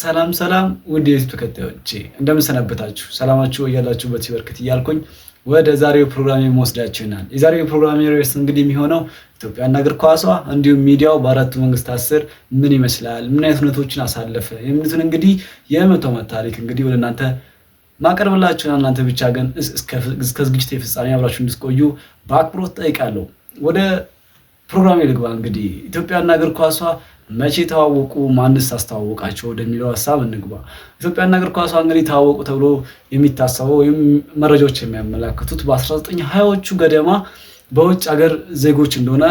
ሰላም ሰላም ውድ የዚህ ተከታዮች እንደምንሰነበታችሁ ሰላማችሁ እያላችሁበት ሲበርክት እያልኩኝ ወደ ዛሬው ፕሮግራም መወስዳችሁ ይሆናል። የዛሬው ፕሮግራም ርዕስ እንግዲህ የሚሆነው ኢትዮጵያና እግር ኳሷ እንዲሁም ሚዲያው በአራቱ መንግስታት ስር ምን ይመስላል፣ ምን አይነት ሁነቶችን አሳለፈ የምትን እንግዲህ የመቶ ዓመት ታሪክ እንግዲህ ወደ እናንተ ማቀርብላችሁና እናንተ ብቻ ግን እስከ ዝግጅት የፍጻሜ አብራችሁ እንድትቆዩ በአክብሮት ጠይቃለሁ። ወደ ፕሮግራም ልግባ። እንግዲህ ኢትዮጵያና እግር ኳሷ መቼ ተዋወቁ? ማንስ አስተዋወቃቸው ወደሚለው ሀሳብ እንግባ። ኢትዮጵያና እግር ኳሷ እንግዲህ ተዋወቁ ተብሎ የሚታሰበው ወይም መረጃዎች የሚያመላክቱት በ1920ዎቹ ገደማ በውጭ ሀገር ዜጎች እንደሆነ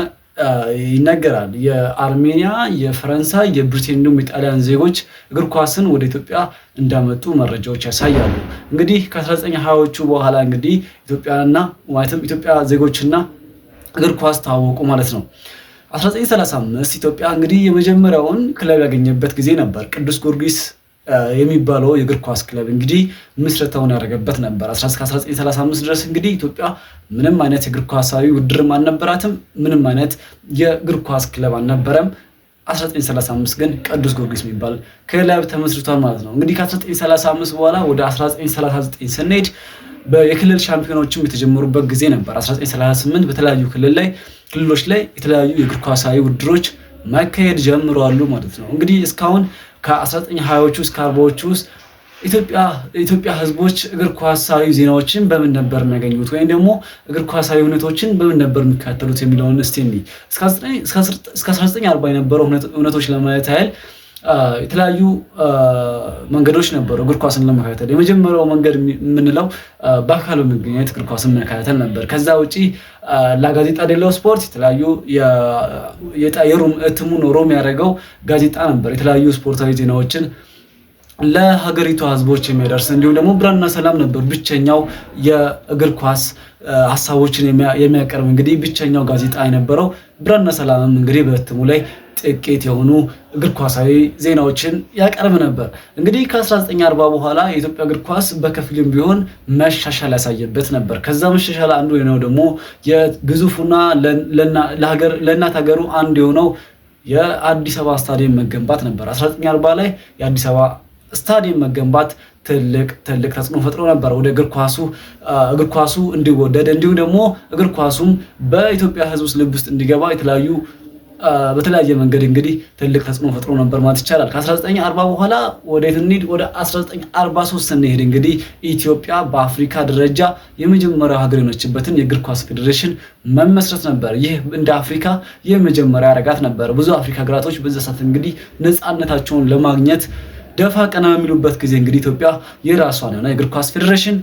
ይነገራል። የአርሜኒያ፣ የፈረንሳይ፣ የብሪቴን እንዲሁም የጣሊያን ዜጎች እግር ኳስን ወደ ኢትዮጵያ እንዳመጡ መረጃዎች ያሳያሉ። እንግዲህ ከ1920ዎቹ በኋላ እንግዲህ ኢትዮጵያና ማለትም ኢትዮጵያ ዜጎችና እግር ኳስ ተዋወቁ ማለት ነው። 1935 ኢትዮጵያ እንግዲህ የመጀመሪያውን ክለብ ያገኘበት ጊዜ ነበር። ቅዱስ ጊዮርጊስ የሚባለው የእግር ኳስ ክለብ እንግዲህ ምስረታውን ያደረገበት ነበር። 1935 ድረስ እንግዲህ ኢትዮጵያ ምንም አይነት የእግር ኳሳዊ ውድድርም አልነበራትም። ምንም አይነት የእግር ኳስ ክለብ አልነበረም። 1935 ግን ቅዱስ ጊዮርጊስ የሚባል ክለብ ተመስርቷል ማለት ነው። እንግዲህ ከ1935 በኋላ ወደ 1939 ስንሄድ የክልል ሻምፒዮናዎችም የተጀመሩበት ጊዜ ነበር። 1938 በተለያዩ ክልል ላይ ክልሎች ላይ የተለያዩ የእግር ኳሳዊ ውድድሮች መካሄድ ጀምረዋሉ ማለት ነው። እንግዲህ እስካሁን ከ1920ዎቹ እስከ 40ዎቹ ውስጥ ኢትዮጵያ ህዝቦች እግር ኳሳዊ ዜናዎችን በምን ነበር የሚያገኙት ወይም ደግሞ እግር ኳሳዊ እውነቶችን በምን ነበር የሚካተሉት የሚለውን እስቲ እስከ 1940 የነበረው እውነቶች ለማየት ያህል የተለያዩ መንገዶች ነበሩ እግር ኳስን ለመከታተል። የመጀመሪያው መንገድ የምንለው በአካል በመገኘት እግር ኳስን መከታተል ነበር። ከዛ ውጪ ለጋዜጣ ደለው ስፖርት የተለያዩ እትሙ ኖሮ ያደረገው ጋዜጣ ነበር። የተለያዩ ስፖርታዊ ዜናዎችን ለሀገሪቷ ህዝቦች የሚያደርስ እንዲሁም ደግሞ ብራና ሰላም ነበር ብቸኛው የእግር ኳስ ሀሳቦችን የሚያቀርብ እንግዲህ ብቸኛው ጋዜጣ የነበረው ብራና ሰላምም እንግዲህ በህትሙ ላይ ጥቂት የሆኑ እግር ኳሳዊ ዜናዎችን ያቀርብ ነበር። እንግዲህ ከ1940 በኋላ የኢትዮጵያ እግር ኳስ በከፊልም ቢሆን መሻሻል ያሳየበት ነበር። ከዛ መሻሻል አንዱ የሆነው ደግሞ የግዙፉና ለእናት ሀገሩ አንዱ የሆነው የአዲስ አበባ ስታዲየም መገንባት ነበር። 1940 ላይ የአዲስ አበባ ስታዲየም መገንባት ትልቅ ትልቅ ተጽዕኖ ፈጥሮ ነበር ወደ እግር ኳሱ እግር ኳሱ እንዲወደድ እንዲሁም ደግሞ እግር ኳሱም በኢትዮጵያ ሕዝብ ውስጥ ልብ ውስጥ እንዲገባ የተለያዩ በተለያየ መንገድ እንግዲህ ትልቅ ተጽዕኖ ፈጥሮ ነበር ማለት ይቻላል። ከ1940 በኋላ ወደ ትንሂድ ወደ 1943 ስንሄድ እንግዲህ ኢትዮጵያ በአፍሪካ ደረጃ የመጀመሪያው ሀገር የሆነችበትን የእግር ኳስ ፌዴሬሽን መመስረት ነበር። ይህ እንደ አፍሪካ የመጀመሪያ ረጋት ነበር። ብዙ አፍሪካ ሀገራቶች በዛ ሰዓት እንግዲህ ነፃነታቸውን ለማግኘት ደፋ ቀና የሚሉበት ጊዜ እንግዲህ ኢትዮጵያ የራሷን የሆነ የእግር ኳስ ፌዴሬሽን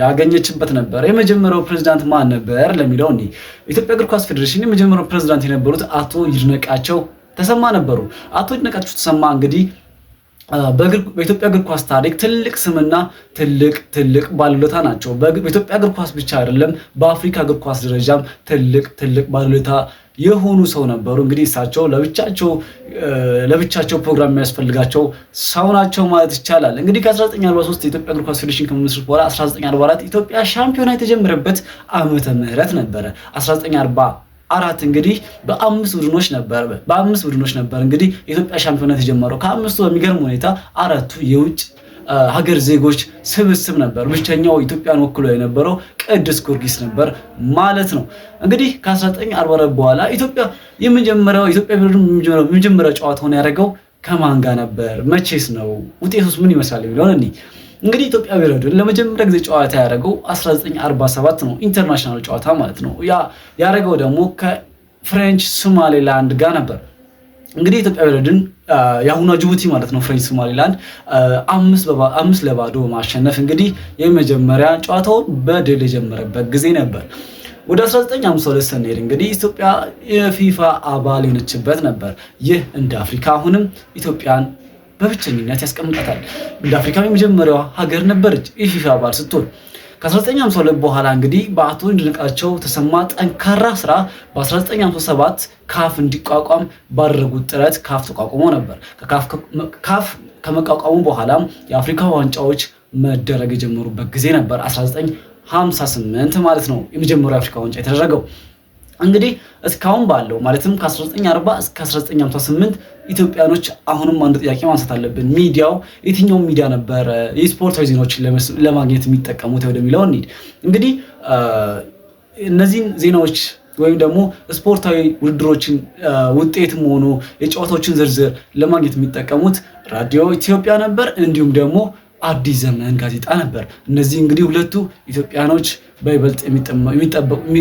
ያገኘችበት ነበር። የመጀመሪያው ፕሬዚዳንት ማን ነበር ለሚለው እ ኢትዮጵያ እግር ኳስ ፌዴሬሽን የመጀመሪያው ፕሬዚዳንት የነበሩት አቶ ይድነቃቸው ተሰማ ነበሩ። አቶ ይድነቃቸው ተሰማ እንግዲህ በኢትዮጵያ እግር ኳስ ታሪክ ትልቅ ስምና ትልቅ ትልቅ ባለውለታ ናቸው። በኢትዮጵያ እግር ኳስ ብቻ አይደለም በአፍሪካ እግር ኳስ ደረጃም ትልቅ ትልቅ ባለውለታ የሆኑ ሰው ነበሩ። እንግዲህ እሳቸው ለብቻቸው ለብቻቸው ፕሮግራም የሚያስፈልጋቸው ሰው ናቸው ማለት ይቻላል። እንግዲህ ከ1943 የኢትዮጵያ እግር ኳስ ፌዴሬሽን ከመመስረት በኋላ 1944 ኢትዮጵያ ሻምፒዮና የተጀመረበት ዓመተ ምህረት ነበረ 1940 አራት እንግዲህ በአምስት ቡድኖች ነበር በአምስት ቡድኖች ነበር እንግዲህ የኢትዮጵያ ሻምፒዮናት የጀመረው። ከአምስቱ በሚገርም ሁኔታ አራቱ የውጭ ሀገር ዜጎች ስብስብ ነበር። ብቸኛው ኢትዮጵያን ወክሎ የነበረው ቅዱስ ጊዮርጊስ ነበር ማለት ነው። እንግዲህ ከ1944 በኋላ ኢትዮጵያ የመጀመሪያው ኢትዮጵያ የመጀመሪያው ጨዋታ ሆነ ያደረገው ከማን ጋር ነበር? መቼስ ነው? ውጤቱስ ምን ይመስላል? የሚለውን እንግዲህ ኢትዮጵያ ብሔራዊ ቡድን ለመጀመሪያ ጊዜ ጨዋታ ያደረገው 1947 ነው፣ ኢንተርናሽናል ጨዋታ ማለት ነው። ያ ያደረገው ደግሞ ከፍሬንች ሶማሌላንድ ጋር ነበር። እንግዲህ ኢትዮጵያ ብሔራዊ ቡድን የአሁኗ ጅቡቲ ማለት ነው ፍሬንች ሶማሌላንድ አምስት ለባዶ በማሸነፍ እንግዲህ የመጀመሪያ ጨዋታውን በድል የጀመረበት ጊዜ ነበር። ወደ 1952 ስንሄድ እንግዲህ ኢትዮጵያ የፊፋ አባል የሆነችበት ነበር። ይህ እንደ አፍሪካ አሁንም ኢትዮጵያን በብቸኝነት ያስቀምጣታል። እንደ አፍሪካ የመጀመሪያዋ ሀገር ነበረች የፊፋ አባል ስትሆን ከ1952 በኋላ እንግዲህ በአቶ ይድነቃቸው ተሰማ ጠንካራ ስራ በ1957 ካፍ እንዲቋቋም ባደረጉት ጥረት ካፍ ተቋቁሞ ነበር። ካፍ ከመቋቋሙ በኋላም የአፍሪካ ዋንጫዎች መደረግ የጀመሩበት ጊዜ ነበር። 1958 ማለት ነው የመጀመሪያው የአፍሪካ ዋንጫ የተደረገው። እንግዲህ እስካሁን ባለው ማለትም ከ1940 እስከ 1958 ኢትዮጵያኖች አሁንም አንድ ጥያቄ ማንሳት አለብን። ሚዲያው የትኛው ሚዲያ ነበር የስፖርታዊ ዜናዎችን ለማግኘት የሚጠቀሙት ወደሚለው እንሂድ። እንግዲህ እነዚህን ዜናዎች ወይም ደግሞ ስፖርታዊ ውድድሮችን ውጤትም ሆኑ የጨዋታዎችን ዝርዝር ለማግኘት የሚጠቀሙት ራዲዮ ኢትዮጵያ ነበር እንዲሁም ደግሞ አዲስ ዘመን ጋዜጣ ነበር። እነዚህ እንግዲህ ሁለቱ ኢትዮጵያኖች በይበልጥ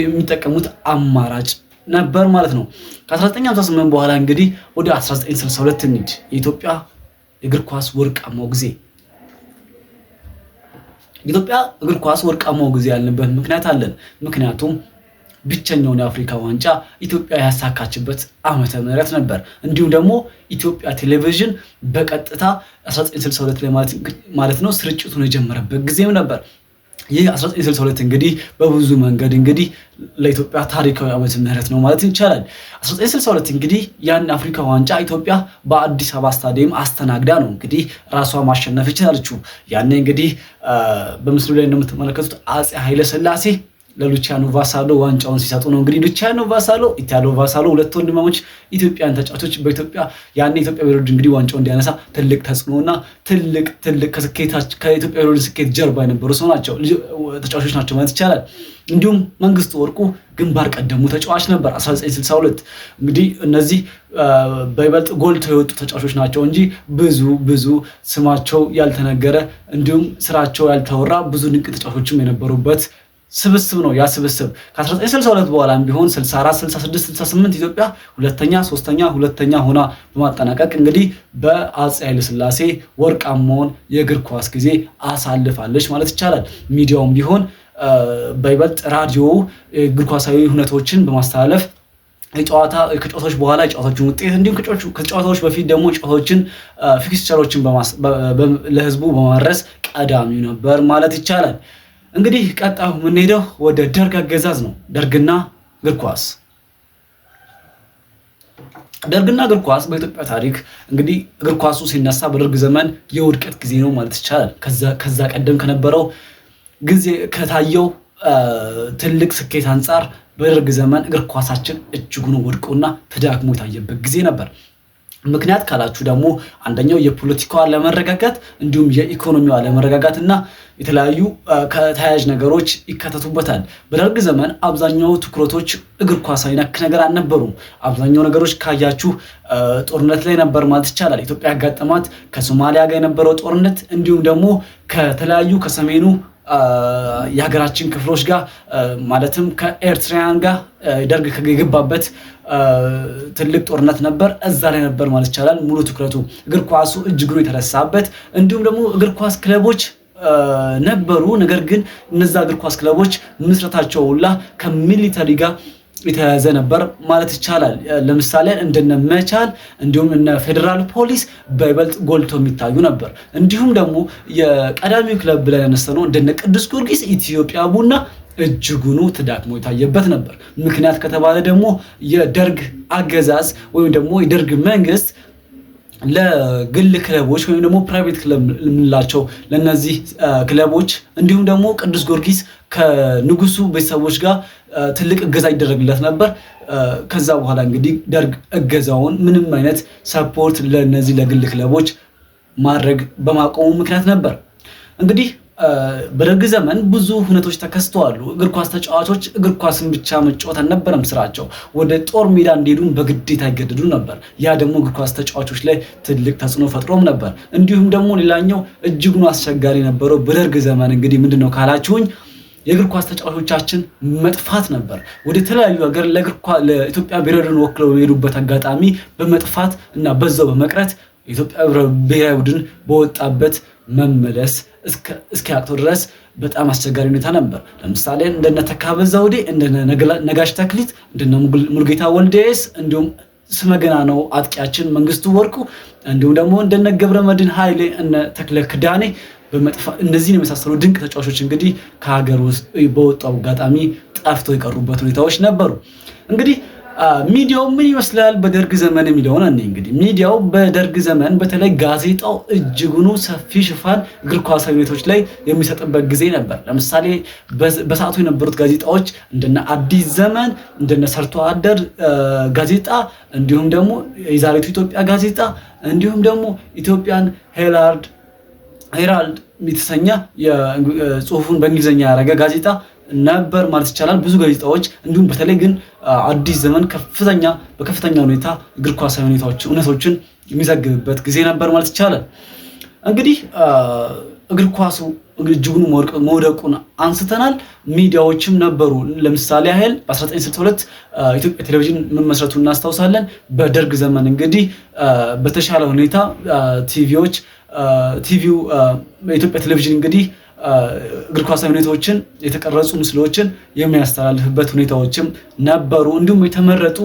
የሚጠቀሙት አማራጭ ነበር ማለት ነው። ከ1958 በኋላ እንግዲህ ወደ 1962 እንሂድ። የኢትዮጵያ እግር ኳስ ወርቃማው ጊዜ ኢትዮጵያ እግር ኳስ ወርቃማው ጊዜ ያልንበት ምክንያት አለን። ምክንያቱም ብቸኛውን የአፍሪካ ዋንጫ ኢትዮጵያ ያሳካችበት ዓመተ ምህረት ነበር። እንዲሁም ደግሞ ኢትዮጵያ ቴሌቪዥን በቀጥታ 1962 ላይ ማለት ነው ስርጭቱን የጀመረበት ጊዜም ነበር። ይህ 1962 እንግዲህ በብዙ መንገድ እንግዲህ ለኢትዮጵያ ታሪካዊ ዓመተ ምህረት ነው ማለት ይቻላል። 1962 እንግዲህ ያን አፍሪካ ዋንጫ ኢትዮጵያ በአዲስ አበባ ስታዲየም አስተናግዳ ነው እንግዲህ ራሷ ማሸነፍ ይችላለችው። ያኔ እንግዲህ በምስሉ ላይ እንደምትመለከቱት አፄ ስላሴ። ለሉቻኖ ቫሳሎ ዋንጫውን ሲሰጡ ነው። እንግዲህ ሉቻኖ ቫሳሎ፣ ኢታሎ ቫሳሎ ሁለት ወንድማሞች ኢትዮጵያን ተጫዋቾች በኢትዮጵያ ያኔ ኢትዮጵያ ብሔራዊ እንግዲህ ዋንጫው እንዲያነሳ ትልቅ ተጽዕኖና ትልቅ ትልቅ ከኢትዮጵያ ብሔራዊ ስኬት ጀርባ የነበሩ ሰው ናቸው ተጫዋቾች ናቸው ማለት ይቻላል። እንዲሁም መንግስቱ ወርቁ ግንባር ቀደሙ ተጫዋች ነበር። 1962 እንግዲህ እነዚህ በይበልጥ ጎልቶ የወጡ ተጫዋቾች ናቸው እንጂ ብዙ ብዙ ስማቸው ያልተነገረ እንዲሁም ስራቸው ያልተወራ ብዙ ድንቅ ተጫዋቾችም የነበሩበት ስብስብ ነው ያ ስብስብ ከ1962 በኋላም ቢሆን 64 66 68 ኢትዮጵያ ሁለተኛ ሶስተኛ ሁለተኛ ሆና በማጠናቀቅ እንግዲህ በአፄ ኃይለሥላሴ ወርቃማውን የእግር ኳስ ጊዜ አሳልፋለች ማለት ይቻላል። ሚዲያውም ቢሆን በይበልጥ ራዲዮ እግር ኳሳዊ ሁነቶችን በማስተላለፍ የጨዋታ ከጨዋታዎች በኋላ የጨዋታዎችን ውጤት እንዲሁም ከጨዋታዎች በፊት ደግሞ ጨዋታዎችን ፊክስቸሮችን ለህዝቡ በማድረስ ቀዳሚው ነበር ማለት ይቻላል። እንግዲህ ቀጣ የምንሄደው ወደ ደርግ አገዛዝ ነው። ደርግና እግር ኳስ ደርግና እግር ኳስ በኢትዮጵያ ታሪክ እንግዲህ እግር ኳሱ ሲነሳ በደርግ ዘመን የውድቀት ጊዜ ነው ማለት ይቻላል። ከዛ ቀደም ከነበረው ጊዜ ከታየው ትልቅ ስኬት አንጻር በደርግ ዘመን እግር ኳሳችን እጅጉን ወድቆና ተዳክሞ የታየበት ጊዜ ነበር። ምክንያት ካላችሁ ደግሞ አንደኛው የፖለቲካው አለመረጋጋት እንዲሁም የኢኮኖሚው አለመረጋጋት እና የተለያዩ ከተያያዥ ነገሮች ይካተቱበታል። በደርግ ዘመን አብዛኛው ትኩረቶች እግር ኳስ ነክ ነገር አልነበሩም። አብዛኛው ነገሮች ካያችሁ ጦርነት ላይ ነበር ማለት ይቻላል። ኢትዮጵያ ያጋጠማት ከሶማሊያ ጋር የነበረው ጦርነት እንዲሁም ደግሞ ከተለያዩ ከሰሜኑ የሀገራችን ክፍሎች ጋር ማለትም ከኤርትራውያን ጋር ደርግ ከገባበት ትልቅ ጦርነት ነበር። እዛ ላይ ነበር ማለት ይቻላል ሙሉ ትኩረቱ። እግር ኳሱ እጅግሩ የተረሳበት እንዲሁም ደግሞ እግር ኳስ ክለቦች ነበሩ። ነገር ግን እነዛ እግር ኳስ ክለቦች ምስረታቸው ሁላ ከሚሊተሪ ጋር የተያዘ ነበር ማለት ይቻላል። ለምሳሌ እንደነ መቻል እንዲሁም እነ ፌዴራል ፖሊስ በይበልጥ ጎልቶ የሚታዩ ነበር። እንዲሁም ደግሞ የቀዳሚው ክለብ ብለን ያነሳነው እንደነ ቅዱስ ጊዮርጊስ፣ ኢትዮጵያ ቡና እጅጉኑ ተዳክሞ የታየበት ነበር። ምክንያት ከተባለ ደግሞ የደርግ አገዛዝ ወይም ደግሞ የደርግ መንግስት ለግል ክለቦች ወይም ደግሞ ፕራይቬት ክለብ የምንላቸው ለእነዚህ ክለቦች እንዲሁም ደግሞ ቅዱስ ጊዮርጊስ ከንጉሱ ቤተሰቦች ጋር ትልቅ እገዛ ይደረግለት ነበር። ከዛ በኋላ እንግዲህ ደርግ እገዛውን ምንም አይነት ሰፖርት ለእነዚህ ለግል ክለቦች ማድረግ በማቆሙ ምክንያት ነበር እንግዲህ በደርግ ዘመን ብዙ ሁነቶች ተከስተዋሉ። እግር ኳስ ተጫዋቾች እግር ኳስን ብቻ መጫወት አልነበረም ስራቸው፣ ወደ ጦር ሜዳ እንዲሄዱም በግዴታ ይገደዱ ነበር። ያ ደግሞ እግር ኳስ ተጫዋቾች ላይ ትልቅ ተጽዕኖ ፈጥሮም ነበር። እንዲሁም ደግሞ ሌላኛው እጅጉን አስቸጋሪ ነበረው በደርግ ዘመን እንግዲህ ምንድን ነው ካላችሁኝ የእግር ኳስ ተጫዋቾቻችን መጥፋት ነበር። ወደ ተለያዩ ሀገር ለኢትዮጵያ ብሔራዊ ቡድን ወክለው የሄዱበት አጋጣሚ በመጥፋት እና በዛው በመቅረት ኢትዮጵያ ብሔራዊ ቡድን በወጣበት መመለስ እስኪያቅተው ድረስ በጣም አስቸጋሪ ሁኔታ ነበር። ለምሳሌ እንደነ ተካበ ዘውዴ፣ እንደነ ነጋሽ ተክሊት፣ እንደነ ሙልጌታ ወልዴስ እንዲሁም ስመገና ነው አጥቂያችን መንግስቱ ወርቁ እንዲሁም ደግሞ እንደነ ገብረ መድን ኃይሌ እነ ተክለ ክዳኔ በመጥፋት እንደዚህ የመሳሰሉ ድንቅ ተጫዋቾች እንግዲህ ከሀገር ውስጥ በወጡ አጋጣሚ ጠፍተው የቀሩበት ሁኔታዎች ነበሩ እንግዲህ ሚዲያው ምን ይመስላል በደርግ ዘመን የሚለውን እኔ እንግዲህ ሚዲያው በደርግ ዘመን በተለይ ጋዜጣው እጅጉኑ ሰፊ ሽፋን እግር ኳስ ሁኔታዎች ላይ የሚሰጥበት ጊዜ ነበር። ለምሳሌ በሰዓቱ የነበሩት ጋዜጣዎች እንደነ አዲስ ዘመን፣ እንደነ ሰርቶ አደር ጋዜጣ እንዲሁም ደግሞ የዛሬቱ ኢትዮጵያ ጋዜጣ እንዲሁም ደግሞ ኢትዮጵያን ሄላርድ ሄራልድ የተሰኘ ጽሁፉን በእንግሊዝኛ ያደረገ ጋዜጣ ነበር ማለት ይቻላል። ብዙ ጋዜጣዎች እንዲሁም በተለይ ግን አዲስ ዘመን ከፍተኛ በከፍተኛ ሁኔታ እግር ኳሳዊ ሁኔታዎች እውነቶችን የሚዘግብበት ጊዜ ነበር ማለት ይቻላል። እንግዲህ እግር ኳሱ እጅጉን መውደቁን አንስተናል። ሚዲያዎችም ነበሩ። ለምሳሌ ያህል በ1962 ኢትዮጵያ ቴሌቪዥን መመስረቱ እናስታውሳለን። በደርግ ዘመን እንግዲህ በተሻለ ሁኔታ ቲቪዎች ቲቪው የኢትዮጵያ ቴሌቪዥን እንግዲህ እግር ኳሳዊ ሁኔታዎችን የተቀረጹ ምስሎችን የሚያስተላልፍበት ሁኔታዎችም ነበሩ። እንዲሁም የተመረጡ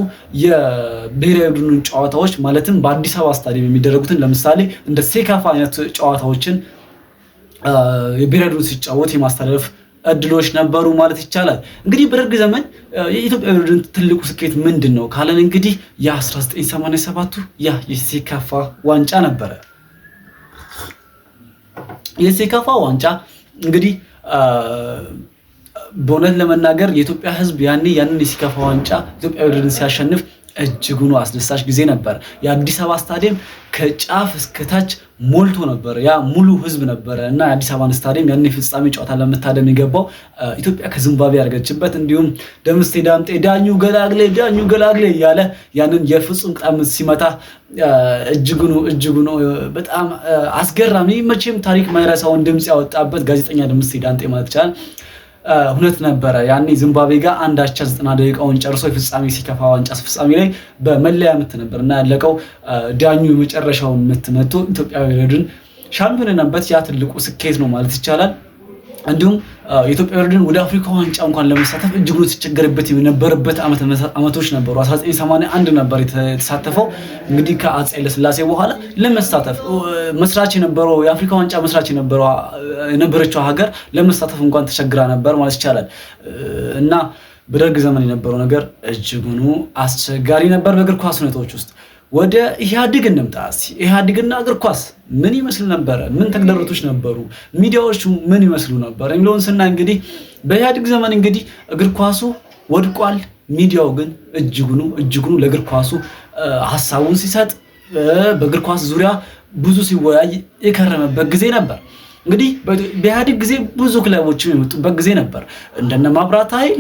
የብሔራዊ ቡድኑን ጨዋታዎች ማለትም በአዲስ አበባ ስታዲየም የሚደረጉትን ለምሳሌ እንደ ሴካፋ አይነት ጨዋታዎችን ብሔራዊ ሲጫወት የማስተላለፍ እድሎች ነበሩ ማለት ይቻላል። እንግዲህ በደርግ ዘመን የኢትዮጵያ ቡድን ትልቁ ስኬት ምንድን ነው ካለን እንግዲህ የ1987ቱ ያ የሴካፋ ዋንጫ ነበረ። የሴካፋ ዋንጫ እንግዲህ በእውነት ለመናገር የኢትዮጵያ ሕዝብ ያኔ ያንን የሴካፋ ዋንጫ ኢትዮጵያ ቡድን ሲያሸንፍ እጅጉኑ አስደሳች ጊዜ ነበር። የአዲስ አበባ ስታዲየም ከጫፍ እስከታች ሞልቶ ነበር። ያ ሙሉ ህዝብ ነበረ እና የአዲስ አበባን ስታዲየም ያን የፍጻሜ ጨዋታ ለመታደም የገባው ኢትዮጵያ ከዚምባብዌ ያደርገችበት እንዲሁም ደምስቴ ዳምጤ ዳኙ ገላግሌ ዳኙ ገላግሌ እያለ ያንን የፍጹም ቅጣት ሲመታ እጅጉኑ እጅጉኑ በጣም አስገራሚ መቼም ታሪክ ማይረሳውን ድምፅ ያወጣበት ጋዜጠኛ ደምስቴ ዳምጤ ማለት ይቻላል። እውነት ነበረ። ያኔ ዚምባብዌ ጋር አንድ አቻ ዘጠና ደቂቃውን ጨርሶ የፍጻሜ ሲከፋ ዋንጫ ፍጻሜ ላይ በመለያ ምት ነበር እና ያለቀው ዳኙ የመጨረሻውን ምት መቶ ኢትዮጵያዊ ረድን ሻምፒዮን ነበት። ያ ትልቁ ስኬት ነው ማለት ይቻላል። እንዲሁም የኢትዮጵያ ቡድን ወደ አፍሪካ ዋንጫ እንኳን ለመሳተፍ እጅግ ነው የተቸገረበት የነበረበት ዓመቶች ነበሩ። 1981 ነበር የተሳተፈው እንግዲህ ከአፄ ኃይለሥላሴ በኋላ ለመሳተፍ መስራች የነበረው የአፍሪካ ዋንጫ መስራች የነበረችው ሀገር ለመሳተፍ እንኳን ተቸግራ ነበር ማለት ይቻላል እና በደርግ ዘመን የነበረው ነገር እጅጉኑ አስቸጋሪ ነበር በእግር ኳስ ሁኔታዎች ውስጥ ወደ ኢህአዲግ እንምጣ። ኢህአዲግና እግር ኳስ ምን ይመስል ነበረ? ምን ተግዳሮቶች ነበሩ? ሚዲያዎቹ ምን ይመስሉ ነበር የሚለውን ስና እንግዲህ በኢህአዲግ ዘመን እንግዲህ እግር ኳሱ ወድቋል። ሚዲያው ግን እጅጉኑ እጅጉኑ ለእግር ኳሱ ሀሳቡን ሲሰጥ በእግር ኳስ ዙሪያ ብዙ ሲወያይ የከረመበት ጊዜ ነበር። እንግዲህ በኢህአዲግ ጊዜ ብዙ ክለቦችም የመጡበት ጊዜ ነበር እንደነ ማብራት ኃይል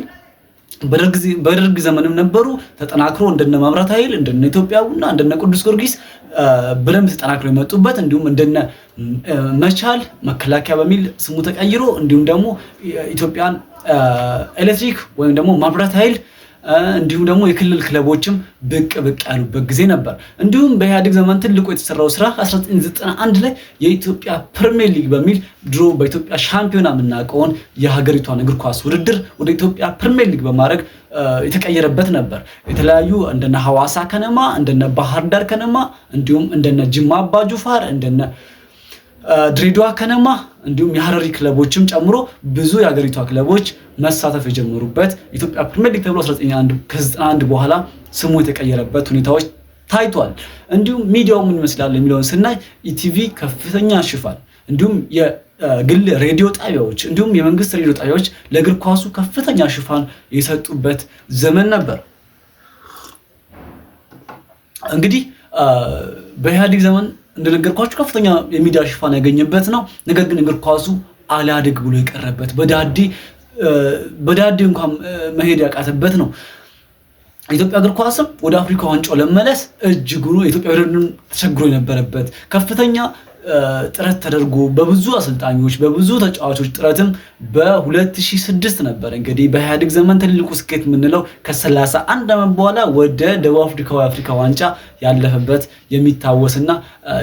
በደርግ ዘመንም ነበሩ ተጠናክሮ እንደነ መብራት ኃይል እንደነ ኢትዮጵያ ቡና እንደነ ቅዱስ ጊዮርጊስ ብለም ተጠናክሮ የመጡበት እንዲሁም እንደነ መቻል መከላከያ በሚል ስሙ ተቀይሮ እንዲሁም ደግሞ ኢትዮጵያን ኤሌክትሪክ ወይም ደግሞ መብራት ኃይል እንዲሁም ደግሞ የክልል ክለቦችም ብቅ ብቅ ያሉበት ጊዜ ነበር። እንዲሁም በኢህአዴግ ዘመን ትልቁ የተሰራው ስራ 1991 ላይ የኢትዮጵያ ፕሪሚየር ሊግ በሚል ድሮ በኢትዮጵያ ሻምፒዮና የምናውቀውን የሀገሪቷን እግር ኳስ ውድድር ወደ ኢትዮጵያ ፕሪሚየር ሊግ በማድረግ የተቀየረበት ነበር። የተለያዩ እንደነ ሐዋሳ ከነማ እንደነ ባህር ዳር ከነማ እንዲሁም እንደነ ጅማ አባ ጁፋር እንደነ ድሬዳዋ ከነማ እንዲሁም የሀረሪ ክለቦችም ጨምሮ ብዙ የሀገሪቷ ክለቦች መሳተፍ የጀመሩበት ኢትዮጵያ ፕሪሚየር ሊግ ተብሎ 1991 በኋላ ስሙ የተቀየረበት ሁኔታዎች ታይቷል። እንዲሁም ሚዲያው ምን ይመስላል የሚለውን ስናይ ኢቲቪ ከፍተኛ ሽፋን እንዲሁም የግል ሬዲዮ ጣቢያዎች እንዲሁም የመንግስት ሬዲዮ ጣቢያዎች ለእግር ኳሱ ከፍተኛ ሽፋን የሰጡበት ዘመን ነበር። እንግዲህ በኢህአዴግ ዘመን እንደነገርኳችሁ ከፍተኛ የሚዲያ ሽፋን ያገኘበት ነው። ነገር ግን እግር ኳሱ አላድግ ብሎ የቀረበት በዳዴ በዳዴ እንኳን መሄድ ያቃተበት ነው። ኢትዮጵያ እግር ኳስም ወደ አፍሪካ ዋንጫው ለመለስ እጅጉኑ ኢትዮጵያ ተቸግሮ የነበረበት ከፍተኛ ጥረት ተደርጎ በብዙ አሰልጣኞች በብዙ ተጫዋቾች ጥረትም በ2006 ነበር እንግዲህ በኢህአዴግ ዘመን ትልቁ ስኬት የምንለው ከ31 ዓመት በኋላ ወደ ደቡብ አፍሪካዊ አፍሪካ ዋንጫ ያለፈበት የሚታወስና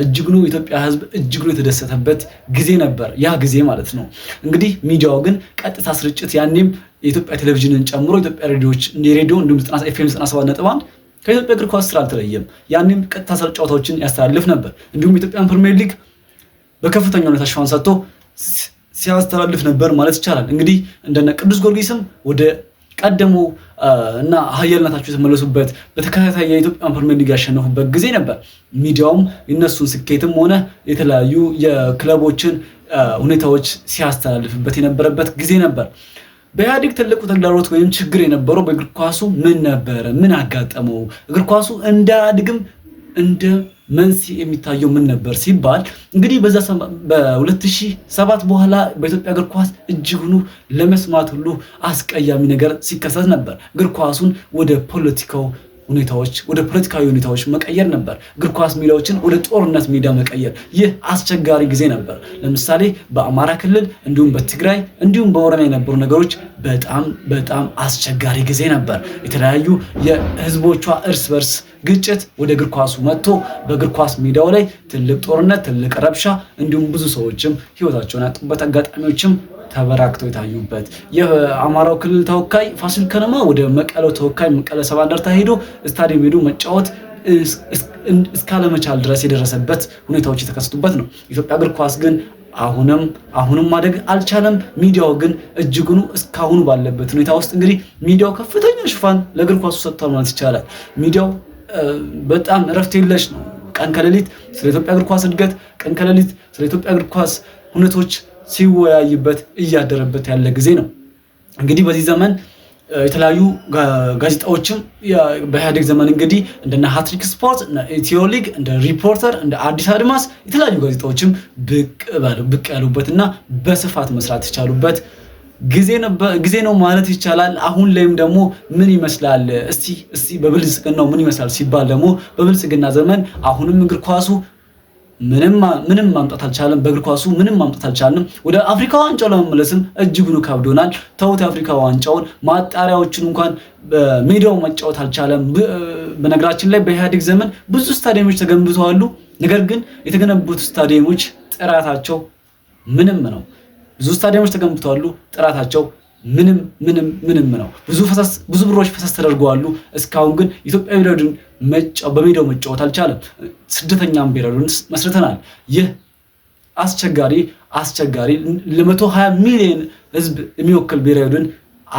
እጅግ ነው ኢትዮጵያ ሕዝብ ነው የተደሰተበት ጊዜ ነበር ያ ጊዜ ማለት ነው። እንግዲህ ሚዲያው ግን ቀጥታ ስርጭት ያኔም የኢትዮጵያ ቴሌቪዥንን ጨምሮ ኢትዮጵያ ሬዲዮች ሬዲዮ እንዲሁም ኤፍ 97 ነጥብ 1 ከኢትዮጵያ እግር ኳስ ስራ አልተለየም። ያኔም ቀጥታ ስርጭት ጨዋታዎችን ያስተላልፍ ነበር። እንዲሁም የኢትዮጵያን ፕሪሚየር ሊግ በከፍተኛ ሁኔታ ሽፋን ሰጥቶ ሲያስተላልፍ ነበር ማለት ይቻላል። እንግዲህ እንደነ ቅዱስ ጊዮርጊስም ወደ ቀደሙ እና ኃያልነታቸው የተመለሱበት በተከታታይ የኢትዮጵያን ፕሪሚየር ሊግ ያሸነፉበት ጊዜ ነበር። ሚዲያውም የነሱን ስኬትም ሆነ የተለያዩ የክለቦችን ሁኔታዎች ሲያስተላልፍበት የነበረበት ጊዜ ነበር። በኢህአዴግ ትልቁ ተግዳሮት ወይም ችግር የነበረው በእግር ኳሱ ምን ነበረ? ምን አጋጠመው? እግር ኳሱ እንዳያድግም እንደ መንስኤ የሚታየው ምን ነበር ሲባል እንግዲህ በዛ በ2007 በኋላ በኢትዮጵያ እግር ኳስ እጅጉኑ ለመስማት ሁሉ አስቀያሚ ነገር ሲከሰት ነበር። እግር ኳሱን ወደ ፖለቲካው ሁኔታዎች ወደ ፖለቲካዊ ሁኔታዎች መቀየር ነበር። እግር ኳስ ሜዳዎችን ወደ ጦርነት ሜዳ መቀየር፣ ይህ አስቸጋሪ ጊዜ ነበር። ለምሳሌ በአማራ ክልል እንዲሁም በትግራይ እንዲሁም በኦሮሚያ የነበሩ ነገሮች በጣም በጣም አስቸጋሪ ጊዜ ነበር። የተለያዩ የህዝቦቿ እርስ በርስ ግጭት ወደ እግር ኳሱ መጥቶ በእግር ኳስ ሜዳው ላይ ትልቅ ጦርነት፣ ትልቅ ረብሻ እንዲሁም ብዙ ሰዎችም ህይወታቸውን ያጡበት አጋጣሚዎችም ተበራክተው የታዩበት የአማራው ክልል ተወካይ ፋሲል ከነማ ወደ መቀለው ተወካይ መቀለ ሰባ እንደርታ ሄዶ ስታዲየም ሄዶ መጫወት እስካለመቻል ድረስ የደረሰበት ሁኔታዎች የተከሰቱበት ነው። ኢትዮጵያ እግር ኳስ ግን አሁንም አሁንም ማደግ አልቻለም። ሚዲያው ግን እጅጉኑ እስካሁኑ ባለበት ሁኔታ ውስጥ እንግዲህ ሚዲያው ከፍተኛ ሽፋን ለእግር ኳሱ ሰጥቷል ማለት ይቻላል። ሚዲያው በጣም እረፍት የለሽ ነው። ቀን ከሌሊት ስለ ኢትዮጵያ እግር ኳስ እድገት፣ ቀን ከሌሊት ስለ ኢትዮጵያ እግር ኳስ ሁነቶች ሲወያይበት እያደረበት ያለ ጊዜ ነው። እንግዲህ በዚህ ዘመን የተለያዩ ጋዜጣዎችም በኢህአዴግ ዘመን እንግዲህ እንደነ ሀትሪክ ስፖርት፣ ኢትዮ ሊግ፣ እንደ ሪፖርተር፣ እንደ አዲስ አድማስ የተለያዩ ጋዜጣዎችም ብቅ ያሉበት እና በስፋት መስራት የቻሉበት ጊዜ ነው ማለት ይቻላል። አሁን ላይም ደግሞ ምን ይመስላል እስቲ እስቲ በብልጽግናው ምን ይመስላል ሲባል ደግሞ በብልጽግና ዘመን አሁንም እግር ኳሱ ምንም ማምጣት አልቻለም። በእግር ኳሱ ምንም ማምጣት አልቻለም። ወደ አፍሪካ ዋንጫው ለመመለስም እጅጉን ከብዶናል። ተውት የአፍሪካ ዋንጫውን ማጣሪያዎችን እንኳን ሜዳው መጫወት አልቻለም። በነገራችን ላይ በኢህአዴግ ዘመን ብዙ ስታዲየሞች ተገንብተዋሉ። ነገር ግን የተገነቡት ስታዲየሞች ጥራታቸው ምንም ነው። ብዙ ስታዲየሞች ተገንብተዋሉ። ጥራታቸው ምንም ምንም ምንም ነው። ብዙ ብዙ ብሮች ፈሰስ ተደርገዋሉ። እስካሁን ግን ኢትዮጵያ ብሔራዊን በሜዳው መጫወት አልቻለም። ስደተኛም ቢረዱን መስርተናል። ይህ አስቸጋሪ አስቸጋሪ ለመቶ ሀያ ሚሊዮን ህዝብ የሚወክል ቢረዱን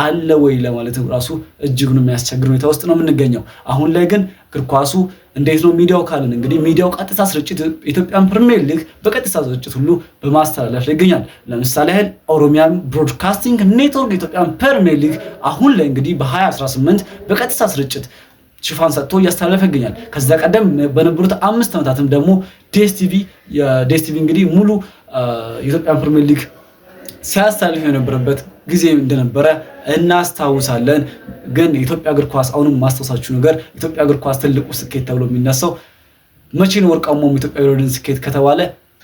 አለ ወይ ለማለት ራሱ እጅግ ነው የሚያስቸግር ሁኔታ ውስጥ ነው የምንገኘው። አሁን ላይ ግን እግር ኳሱ እንዴት ነው ሚዲያው ካልን እንግዲህ ሚዲያው ቀጥታ ስርጭት ኢትዮጵያን ፕሪሚየር ሊግ በቀጥታ ስርጭት ሁሉ በማስተላለፍ ላይ ይገኛል። ለምሳሌ ያህል ኦሮሚያን ብሮድካስቲንግ ኔትወርክ ኢትዮጵያን ፕሪሚየር ሊግ አሁን ላይ እንግዲህ በ2018 በቀጥታ ስርጭት ሽፋን ሰጥቶ እያስተላለፈ ይገኛል። ከዛ ቀደም በነበሩት አምስት ዓመታትም ደግሞ ዴስቲቪ ዴስቲቪ እንግዲህ ሙሉ ኢትዮጵያን ፕሪሚየር ሊግ ሲያስተላልፍ የነበረበት ጊዜ እንደነበረ እናስታውሳለን። ግን የኢትዮጵያ እግር ኳስ አሁንም ማስታወሳችሁ ነገር ኢትዮጵያ እግር ኳስ ትልቁ ስኬት ተብሎ የሚነሳው መቼን ነው ኢትዮጵያ ሮድን ስኬት ከተባለ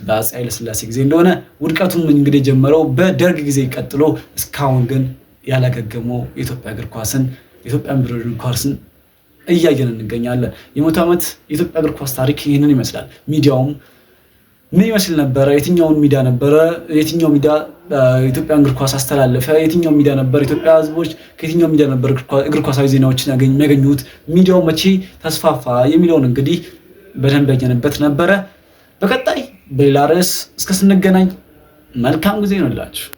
በአፄ ኃይለስላሴ ጊዜ እንደሆነ ውድቀቱም እንግዲህ የጀመረው በደርግ ጊዜ ቀጥሎ እስካሁን ግን ያላገገመው የኢትዮጵያ እግር ኳስን የኢትዮጵያ ምድር ኳስን እያየን እንገኛለን። የመቶ ዓመት የኢትዮጵያ እግር ኳስ ታሪክ ይህንን ይመስላል። ሚዲያውም ምን ይመስል ነበረ? የትኛውን ሚዲያ ነበረ? የትኛው ሚዲያ ኢትዮጵያ እግር ኳስ አስተላለፈ። የትኛው ሚዲያ ነበር? ኢትዮጵያ ህዝቦች ከየትኛው ሚዲያ ነበር እግር ኳሳዊ ዜናዎችን የሚያገኙት? ሚዲያው መቼ ተስፋፋ? የሚለውን እንግዲህ በደንብ ያየንበት ነበረ። በቀጣይ በሌላ ርዕስ እስከ ስንገናኝ መልካም ጊዜ ይሆንላችሁ።